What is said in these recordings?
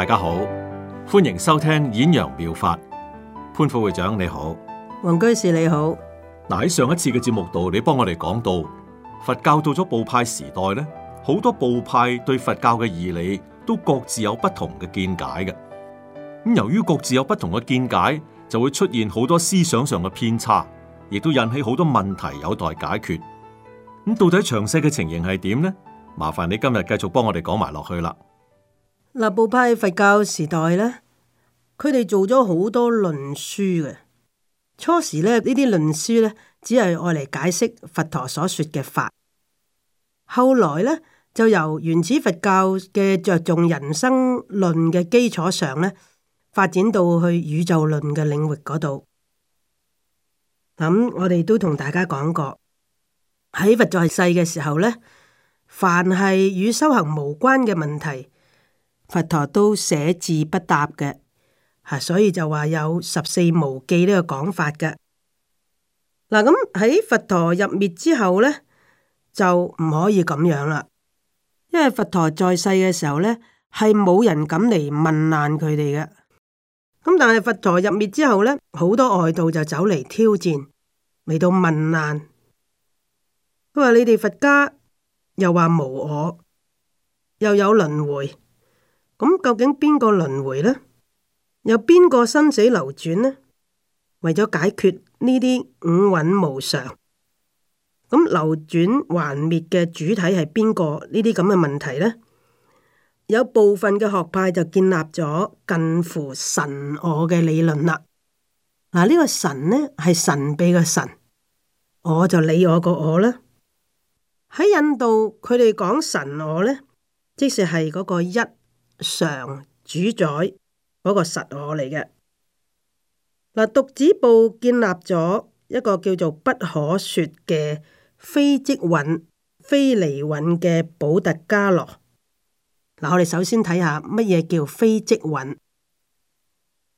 大家好，歡迎收聽《演揚妙，妙法》。潘副會長你好，王居士你好。嗱喺上一次嘅節目度，你幫我哋講到佛教到咗部派時代咧，好多部派對佛教嘅義理都各自有不同嘅見解嘅。咁由於各自有不同嘅見解，就會出現好多思想上嘅偏差，亦都引起好多問題有待解決。咁到底詳細嘅情形係點呢？麻煩你今日繼續幫我哋講埋落去啦。立部派佛教時代呢，佢哋做咗好多論書嘅。初時咧，呢啲論書呢，只係愛嚟解釋佛陀所說嘅法。後來呢，就由原始佛教嘅着重人生論嘅基礎上呢，發展到去宇宙論嘅領域嗰度。咁我哋都同大家講過，喺佛在世嘅時候呢，凡係與修行無關嘅問題。佛陀都寫字不答嘅，吓，所以就話有十四無記呢個講法嘅。嗱，咁喺佛陀入滅之後咧，就唔可以咁樣啦，因為佛陀在世嘅時候咧係冇人敢嚟問難佢哋嘅。咁但係佛陀入滅之後咧，好多外道就走嚟挑戰，嚟到問難佢話你哋佛家又話無我，又有輪迴。咁究竟邊個輪回呢？有邊個生死流轉呢？為咗解決呢啲五蘊無常，咁流轉還滅嘅主體係邊個？呢啲咁嘅問題呢？有部分嘅學派就建立咗近乎神我嘅理論啦。嗱，呢個神呢係神秘嘅神，我就理我個我啦。喺印度佢哋講神我呢，即係係嗰個一。常主宰嗰個實我嚟嘅嗱，犢子部建立咗一個叫做不可說嘅非即蘊、非離蘊嘅補特伽羅嗱。我哋首先睇下乜嘢叫非即蘊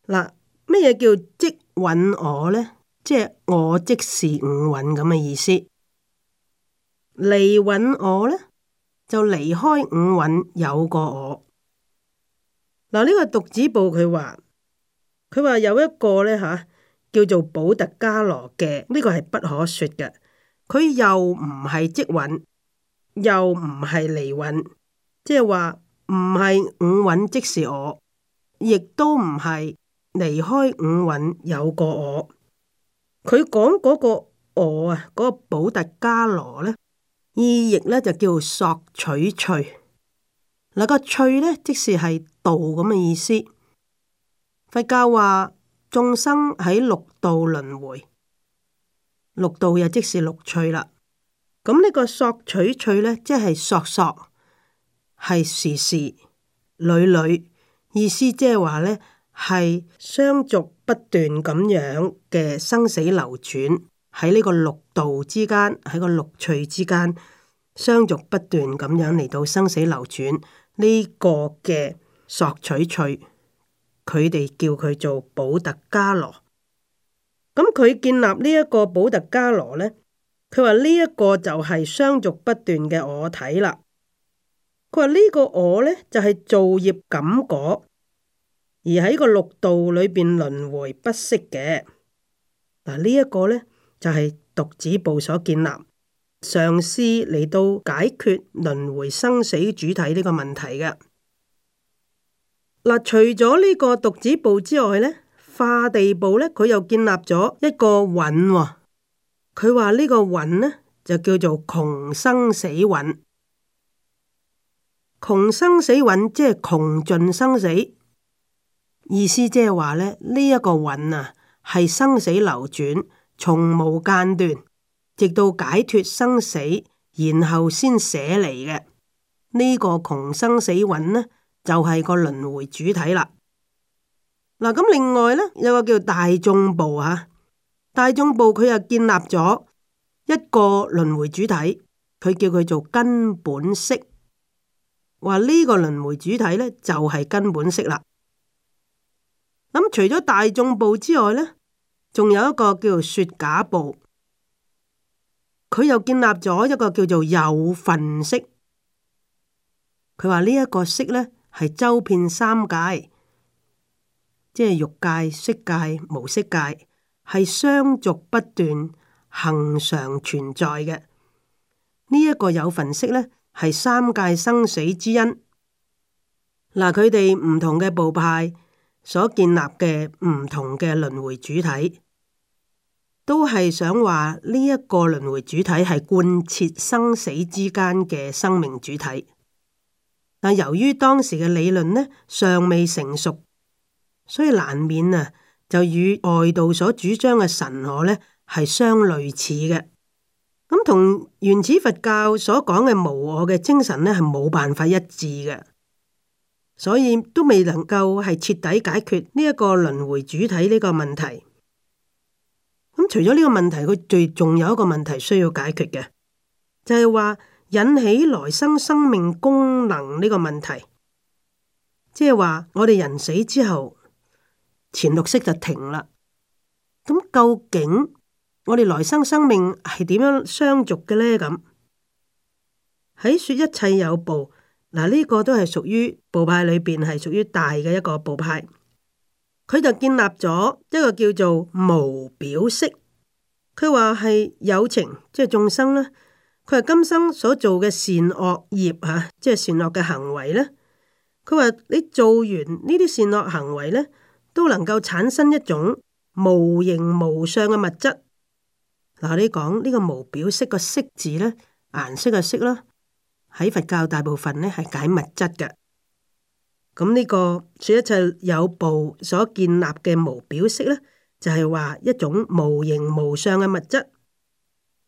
嗱，乜嘢叫即蘊我呢？即係我即是五蘊咁嘅意思，離蘊我呢，就離開五蘊有個我。嗱，呢個犢子部佢話，佢話有一個呢，吓、啊，叫做補特伽羅嘅，呢、這個係不可説嘅。佢又唔係即蘊，又唔係離蘊，即係話唔係五蘊即是我，亦都唔係離開五蘊有我個我。佢講嗰個我啊，嗰個補特伽羅呢，意譯呢，就叫做數取趣。嗱、那，個趣呢，即是係。道咁嘅意思，佛教話眾生喺六道輪回，六道又即是六趣啦。咁呢個索取趣呢，即係索索係時時屢屢意思，即係話呢係相續不斷咁樣嘅生死流轉喺呢個六道之間，喺個六趣之間相續不斷咁樣嚟到生死流轉呢個嘅。索取翠，佢哋叫佢做保特伽羅。咁佢建立呢一個保特伽羅呢，佢話呢一個就係相續不斷嘅我體啦。佢話呢個我呢，就係、是、造業感果，而喺個六道裏邊輪回不息嘅。嗱，呢一個呢，就係、是、獨子部所建立上師嚟到解決輪回生死主體呢個問題嘅。嗱，除咗呢個犢子部之外呢，化地部呢，佢又建立咗一個蘊、哦。佢話呢個蘊呢，就叫做窮生死蘊。窮生死蘊即係窮盡生死，意思即係話咧，呢、這、一個蘊啊，係生死流轉，從無間斷，直到解脫生死，然後先捨離嘅呢個窮生死蘊呢就係個輪迴主體啦。嗱咁，另外咧有個叫大眾部啊，大眾部佢又建立咗一個輪迴主體，佢叫佢做根本識，話呢個輪迴主體咧就係根本識啦。咁除咗大眾部之外咧，仲有一個叫做說假部，佢又建立咗一個叫做有分識，佢話呢一個識咧。係周遍三界，即係欲界、色界、無色界，係相續不斷、恒常存在嘅。呢、這、一個有分識呢，係三界生死之因。嗱，佢哋唔同嘅部派所建立嘅唔同嘅輪迴主體，都係想話呢一個輪迴主體係貫徹生死之間嘅生命主體。但由於當時嘅理論咧尚未成熟，所以難免啊就與外道所主張嘅神我咧係相類似嘅，咁、嗯、同原始佛教所講嘅無我嘅精神咧係冇辦法一致嘅，所以都未能夠係徹底解決呢一個輪迴主體呢個問題。咁、嗯、除咗呢個問題，佢最仲有一個問題需要解決嘅，就係、是、話。引起來生生命功能呢個問題，即係話我哋人死之後，前六識就停啦。咁究竟我哋來生生命係點樣相續嘅呢？咁喺說一切有部嗱，呢個都係屬於部派裏邊，係屬於大嘅一個部派，佢就建立咗一個叫做無表色，佢話係有情，即係眾生啦。佢話今生所做嘅善惡業吓，即係善惡嘅行為咧。佢話你做完呢啲善惡行為咧，都能夠產生一種無形無相嘅物質。嗱，你講呢個無表色嘅色字咧，顏色嘅色啦，喺佛教大部分咧係解物質嘅。咁呢個說一切有部所建立嘅無表色咧，就係話一種無形無相嘅物質。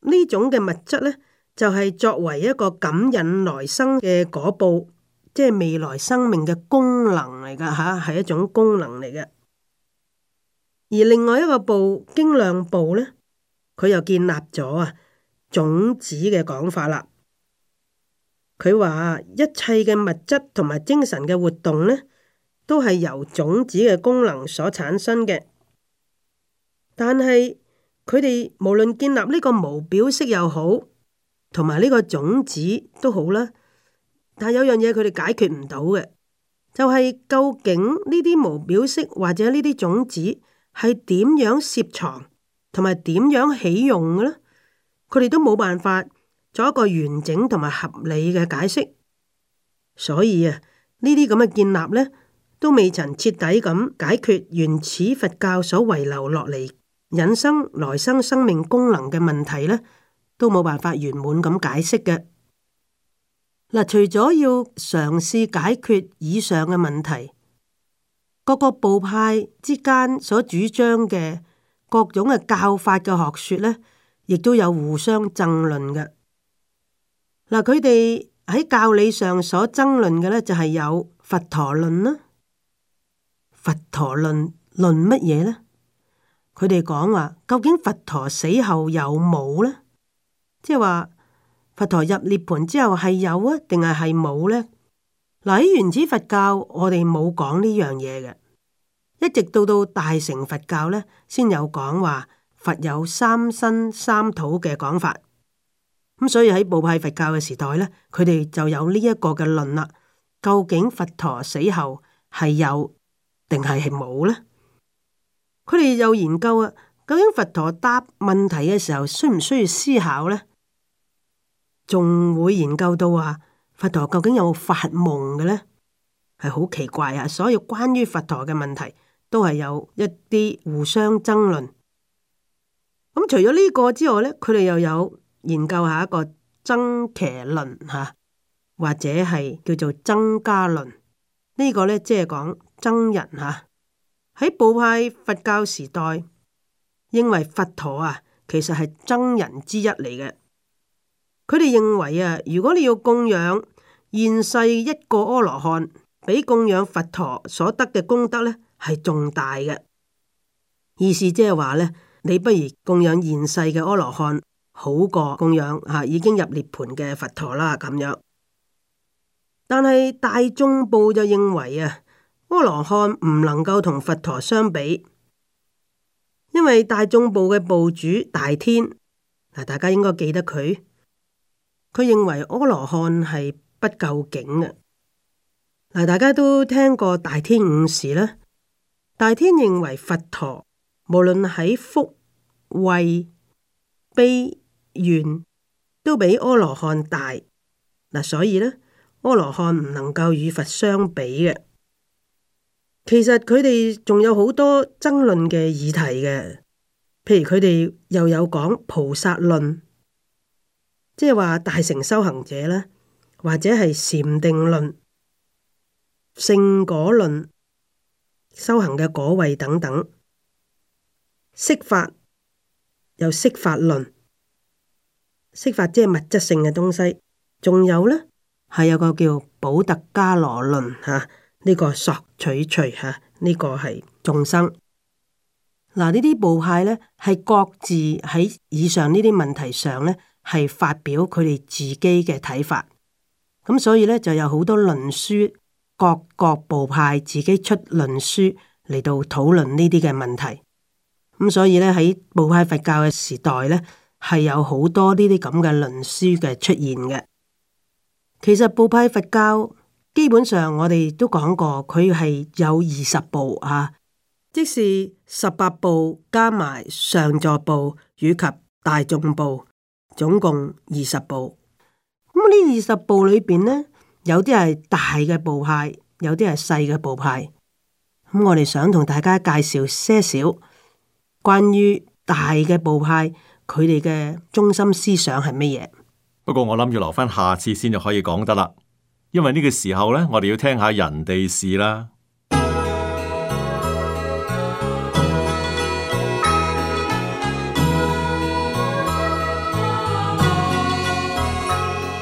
呢種嘅物質咧。就係作為一個感應來生嘅果報，即係未來生命嘅功能嚟噶吓，係一種功能嚟嘅。而另外一個部經量部呢，佢又建立咗啊種子嘅講法啦。佢話一切嘅物質同埋精神嘅活動呢，都係由種子嘅功能所產生嘅。但係，佢哋無論建立呢個無表色又好。同埋呢個種子都好啦，但係有樣嘢佢哋解決唔到嘅，就係究竟呢啲無表色或者呢啲種子係點樣攝藏同埋點樣起用嘅咧？佢哋都冇辦法做一個完整同埋合理嘅解釋。所以啊，呢啲咁嘅建立呢，都未曾徹底咁解決原始佛教所遺留落嚟引生來生生命功能嘅問題呢。都冇辦法圓滿咁解釋嘅嗱，啊，除咗要嘗試解決以上嘅問題，各個部派之間所主張嘅各種嘅教法嘅學說呢，亦都有互相爭論嘅嗱。佢哋喺教理上所爭論嘅呢，就係有佛陀論啦。佛陀論論乜嘢呢？佢哋講話，究竟佛陀死後有冇呢？」即係話佛陀入涅槃之後係有啊，定係係冇呢？嗱，喺原始佛教我哋冇講呢樣嘢嘅，一直到到大乘佛教呢，先有講話佛有三身三土嘅講法。咁所以喺部派佛教嘅時代呢，佢哋就有呢一個嘅論啦。究竟佛陀死後係有，定係係冇呢？佢哋又研究啊，究竟佛陀答問題嘅時候需唔需要思考呢？仲會研究到啊，佛陀究竟有冇發夢嘅呢？係好奇怪啊！所有關於佛陀嘅問題，都係有一啲互相爭論。咁除咗呢個之外呢，佢哋又有研究一下一個僧伽論吓，或者係叫做僧伽論。呢、這個呢，即係講僧人吓，喺部派佛教時代認為佛陀啊，其實係僧人之一嚟嘅。佢哋認為啊，如果你要供養現世一個阿羅漢，比供養佛陀所得嘅功德咧係仲大嘅，意思即係話咧，你不如供養現世嘅阿羅漢好過供養吓已經入涅槃嘅佛陀啦咁樣。但係大眾部就認為啊，阿羅漢唔能夠同佛陀相比，因為大眾部嘅部主大天嗱，大家應該記得佢。佢認為阿羅漢係不究竟嘅，嗱，大家都聽過大天五事咧，大天認為佛陀無論喺福慧、悲願都比阿羅漢大，嗱，所以呢，阿羅漢唔能夠與佛相比嘅。其實佢哋仲有好多爭論嘅議題嘅，譬如佢哋又有講菩薩論。即係話大乘修行者啦，或者係禪定論、聖果論，修行嘅果位等等，色法有色法論，色法即係物質性嘅東西。仲有呢，係有個叫寶特伽羅論吓，呢、啊這個索取除吓，呢、啊這個係眾生。嗱、啊，呢啲部派呢，係各自喺以上呢啲問題上呢，係發表佢哋自己嘅睇法，咁所以呢，就有好多論書，各各部派自己出論書嚟到討論呢啲嘅問題，咁所以呢，喺部派佛教嘅時代呢，係有好多呢啲咁嘅論書嘅出現嘅。其實部派佛教基本上我哋都講過，佢係有二十部啊，即是十八部加埋上，上座部以及大眾部。總共二十部，咁呢二十部裏邊呢，有啲係大嘅部派，有啲係細嘅部派。咁我哋想同大家介紹些少關於大嘅部派佢哋嘅中心思想係乜嘢？不過我諗要留翻，下次先就可以講得啦，因為呢個時候呢，我哋要聽下人哋事啦。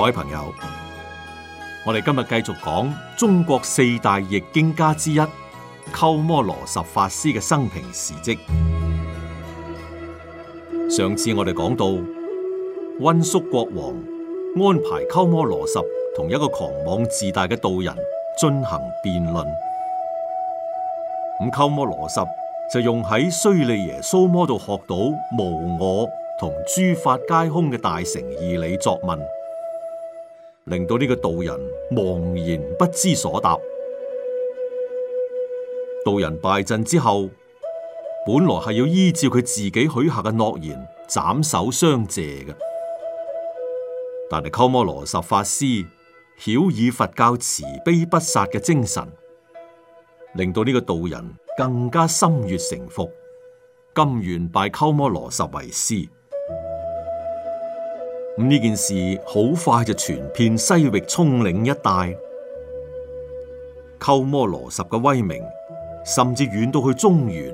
各位朋友，我哋今日繼續講中國四大譯經家之一鳩摩羅什法師嘅生平事蹟。上次我哋講到，溫宿國王安排鳩摩羅什同一個狂妄自大嘅道人進行辯論。咁鳩摩羅什就用喺須利耶蘇摩度學到無我同諸法皆空嘅大乘義理作文。令到呢個道人茫然不知所答。道人敗陣之後，本來係要依照佢自己許下嘅諾言斬首相謝嘅，但係鳩摩羅什法師曉以佛教慈悲不殺嘅精神，令到呢個道人更加心悅誠服，甘願拜鳩摩羅什為師。呢件事好快就傳遍西域蔥嶺一帶，鳩摩羅什嘅威名甚至遠到去中原，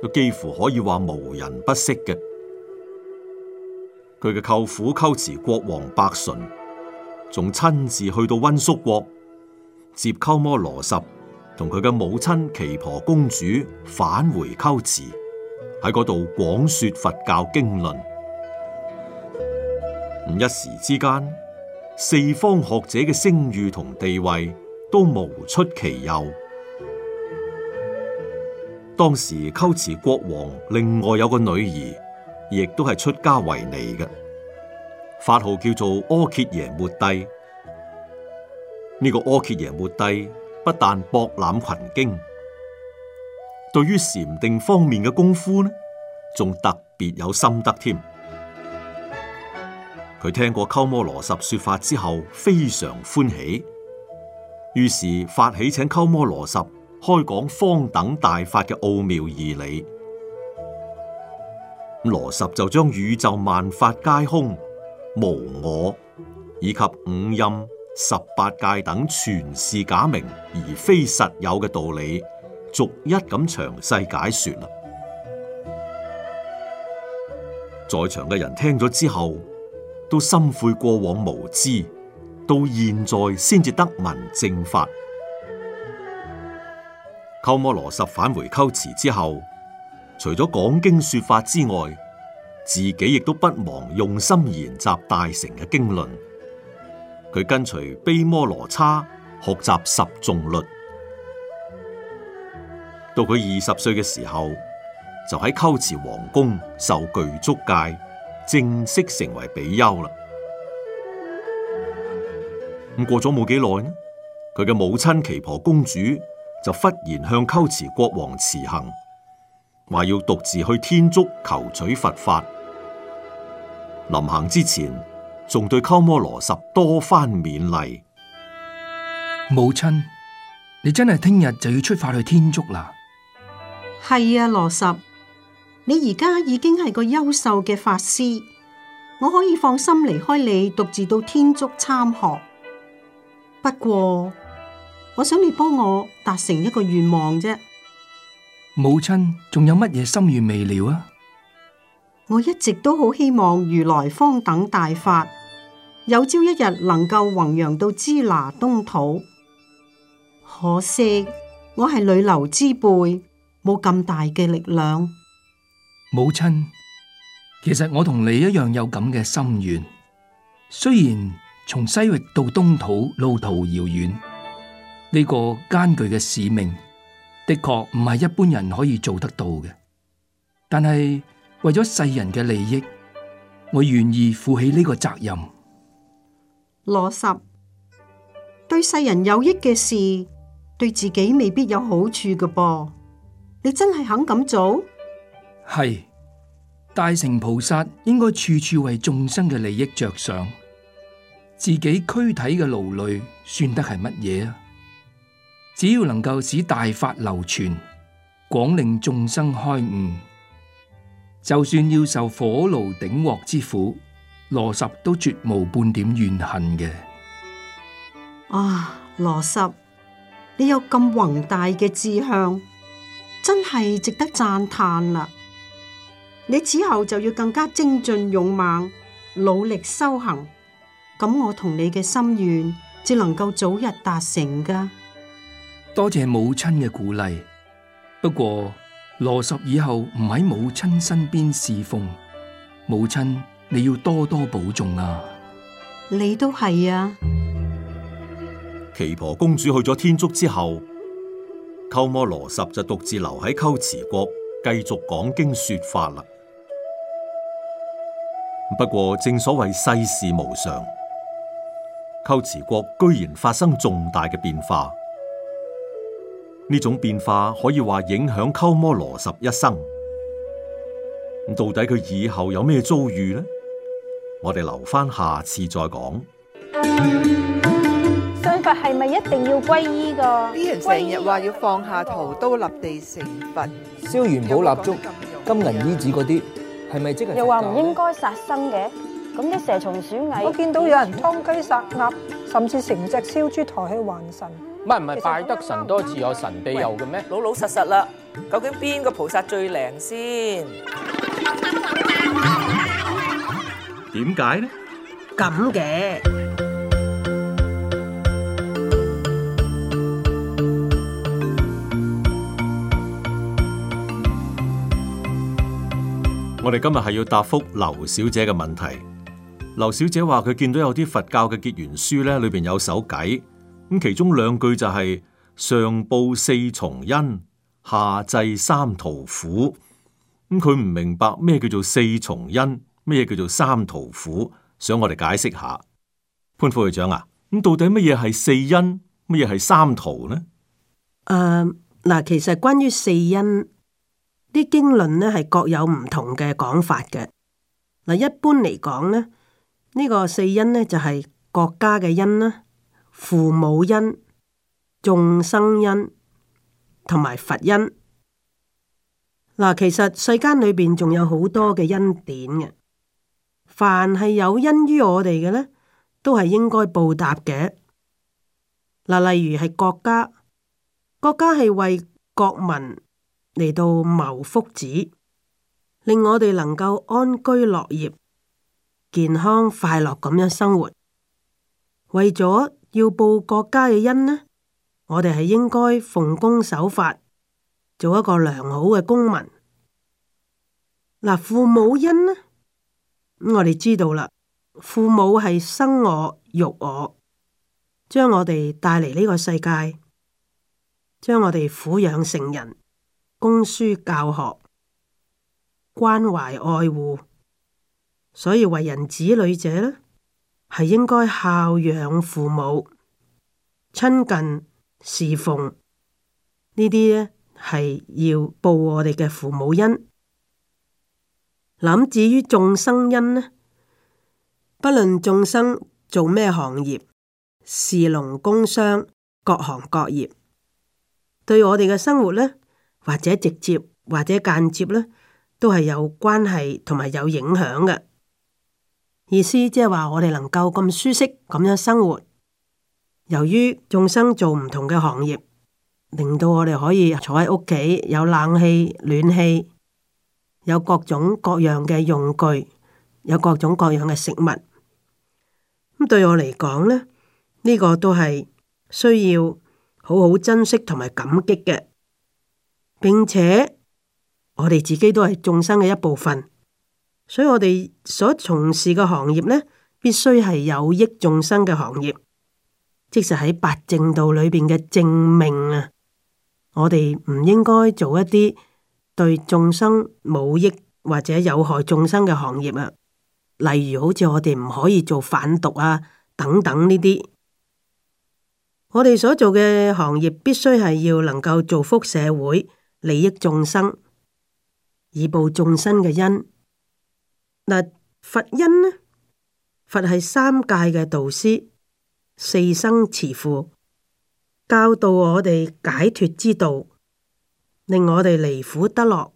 都幾乎可以話無人不識嘅。佢嘅舅父龜茲國王白純，仲親自去到溫宿國接鳩摩羅什同佢嘅母親奇婆公主返回龜茲，喺嗰度廣說佛教經論。五一時之間，四方學者嘅聲譽同地位都無出其右。當時龜茲國王另外有個女兒，亦都係出家為尼嘅，法號叫做柯羯耶末帝。呢、這個柯羯耶末帝不但博覽群經，對於禪定方面嘅功夫呢，仲特別有心得添。佢聽過鳩摩羅什說法之後，非常歡喜，於是發起請鳩摩羅什開講方等大法嘅奧妙義理。羅什就將宇宙萬法皆空、無我以及五陰、十八界等全是假名而非實有嘅道理，逐一咁詳細解說啦。在場嘅人聽咗之後，都心悔過往無知，到現在先至得聞正法。鳩摩羅什返回龜茲之後，除咗講經說法之外，自己亦都不忘用心研習大乘嘅經論。佢跟隨卑摩羅叉學習十誦律，到佢二十歲嘅時候，就喺龜茲皇宮受具足戒。正式成為比丘啦。咁過咗冇幾耐呢，佢嘅母親奇婆公主就忽然向龜茲國王辭行，話要獨自去天竺求取佛法。臨行之前，仲對鳩摩羅什多番勉勵。母親，你真係聽日就要出發去天竺啦？係啊，羅什。」你而家已經係個優秀嘅法師，我可以放心離開你，獨自到天竺參學。不過，我想你幫我達成一個願望啫。母親仲有乜嘢心願未了啊？我一直都好希望如來方等大法，有朝一日能夠弘揚到支那東土，可惜我係女流之輩，冇咁大嘅力量。母親，其實我同你一樣有咁嘅心願。雖然從西域到東土路途遙遠，呢、這個艱巨嘅使命的確唔係一般人可以做得到嘅。但係為咗世人嘅利益，我願意負起呢個責任。羅十對世人有益嘅事，對自己未必有好處嘅噃。你真係肯咁做？係大乘菩薩應該處處為眾生嘅利益着想，自己軀體嘅勞累算得係乜嘢啊？只要能夠使大法流傳，廣令眾生開悟，就算要受火爐鼎鑊之苦，羅什都絕無半點怨恨嘅。啊，羅什，你有咁宏大嘅志向，真係值得讚歎啦！你此後就要更加精進勇猛，努力修行，咁我同你嘅心願至能夠早日達成噶。多謝母親嘅鼓勵，不過羅什以後唔喺母親身邊侍奉，母親你要多多保重啊！你都係啊！奇婆公主去咗天竺之後，鳩摩羅什就獨自留喺龜茲國，繼續講經說法啦。不過正所謂世事無常，龜茲國居然發生重大嘅變化，呢種變化可以話影響鳩摩羅什一生。咁到底佢以後有咩遭遇呢？我哋留翻下，下次再講。信佛係咪一定要皈依㗎？啲人成日話要放下屠刀立地成佛，燒元寶蠟燭、金銀衣紙嗰啲。又話唔應該殺生嘅，咁啲蛇蟲鼠蟻，我見到有人劏雞殺鴨，甚至成隻燒豬抬去還神。唔係唔係，拜得神多自有神庇佑嘅咩？老老實實啦，究竟邊個菩薩最靈先？點解呢？咁嘅。我哋今日係要答覆劉小姐嘅問題。劉小姐話佢見到有啲佛教嘅結緣書咧，裏邊有首偈，咁，其中兩句就係、是、上報四重恩，下濟三途苦。咁佢唔明白咩叫做四重恩，咩叫做三途苦，想我哋解釋下。潘副處長啊，咁到底乜嘢係四恩，乜嘢係三途呢？誒，嗱，其實關於四恩，啲經論呢係各有唔同嘅講法嘅。嗱，一般嚟講咧，呢、呢個四恩呢就係國家嘅恩啦、父母恩、眾生恩、同埋佛恩。嗱，其實世間裏邊仲有好多嘅恩典嘅。凡係有恩於我哋嘅呢，都係應該報答嘅。嗱，例如係國家，國家係為國民嚟到謀福祉，令我哋能夠安居樂業、健康快樂咁樣生活。為咗要報國家嘅恩呢，我哋係應該奉公守法，做一個良好嘅公民。嗱，父母恩呢，我哋知道啦，父母係生我育我，將我哋帶嚟呢個世界，將我哋撫養成人。供書教學，關懷愛護，所以為人子女者咧，係應該孝養父母、親近侍奉呢啲咧，係要報我哋嘅父母恩。諗至於眾生恩呢，不論眾生做咩行業，侍農工商各行各業，對我哋嘅生活呢。或者直接或者間接呢，都係有關係同埋有影響嘅。意思即係話我哋能夠咁舒適咁樣生活，由於眾生做唔同嘅行業，令到我哋可以坐喺屋企，有冷氣、暖氣，有各種各樣嘅用具，有各種各樣嘅食物。咁對我嚟講呢，呢個都係需要好好珍惜同埋感激嘅。並且我哋自己都係眾生嘅一部分，所以我哋所從事嘅行業呢，必須係有益眾生嘅行業，即係喺八正道裏邊嘅正命啊！我哋唔應該做一啲對眾生冇益或者有害眾生嘅行業啊，例如好似我哋唔可以做販毒啊等等呢啲。我哋所做嘅行業必須係要能夠造福社會。利益眾生以報眾生嘅恩。佛恩佛係三界嘅導師，四生慈父，教導我哋解脱之道，令我哋離苦得樂。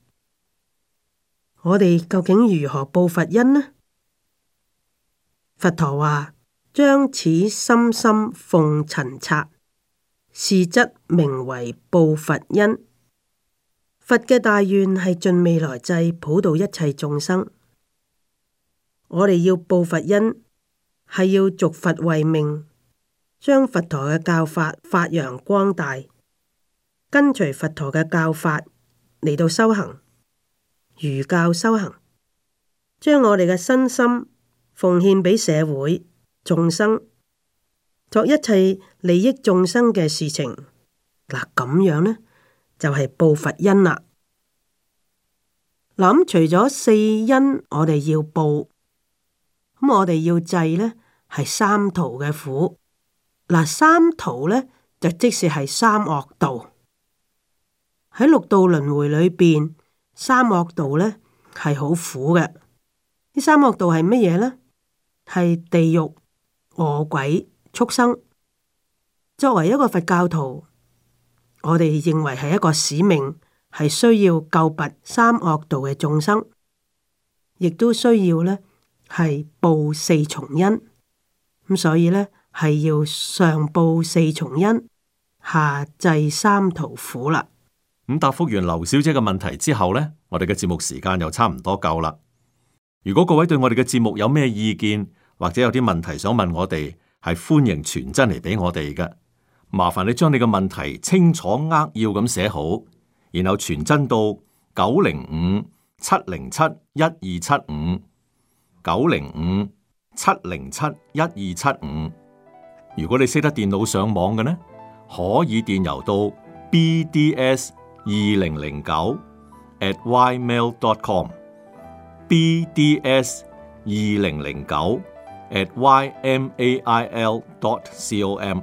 我哋究竟如何報佛恩呢？佛陀話：將此心心奉塵剎，是則名為報佛恩。」佛嘅大願係盡未來際普渡一切眾生。我哋要報佛恩，係要續佛為命，將佛陀嘅教法發揚光大，跟隨佛陀嘅教法嚟到修行，如教修行，將我哋嘅身心奉獻俾社會眾生，作一切利益眾生嘅事情。嗱，咁樣呢？就係報佛恩啦。咁除咗四恩，我哋要報，咁我哋要制呢，係三途嘅苦。嗱，三途呢，就即使是係三惡道。喺六道輪回裏邊，三惡道呢，係好苦嘅。呢三惡道係乜嘢呢？係地獄、餓鬼、畜生。作為一個佛教徒。我哋認為係一個使命，係需要救拔三惡道嘅眾生，亦都需要呢，係報四重恩。咁所以呢，係要上報四重恩，下濟三塗苦啦。咁答覆完劉小姐嘅問題之後呢，我哋嘅節目時間又差唔多夠啦。如果各位對我哋嘅節目有咩意見，或者有啲問題想問我哋，係歡迎傳真嚟俾我哋嘅。麻煩你將你個問題清楚扼要咁寫好，然後傳真到九零五七零七一二七五九零五七零七一二七五。如果你識得電腦上網嘅呢，可以電郵到 bds 二零零九 at ymail.com bds 二零零九 at ymail.com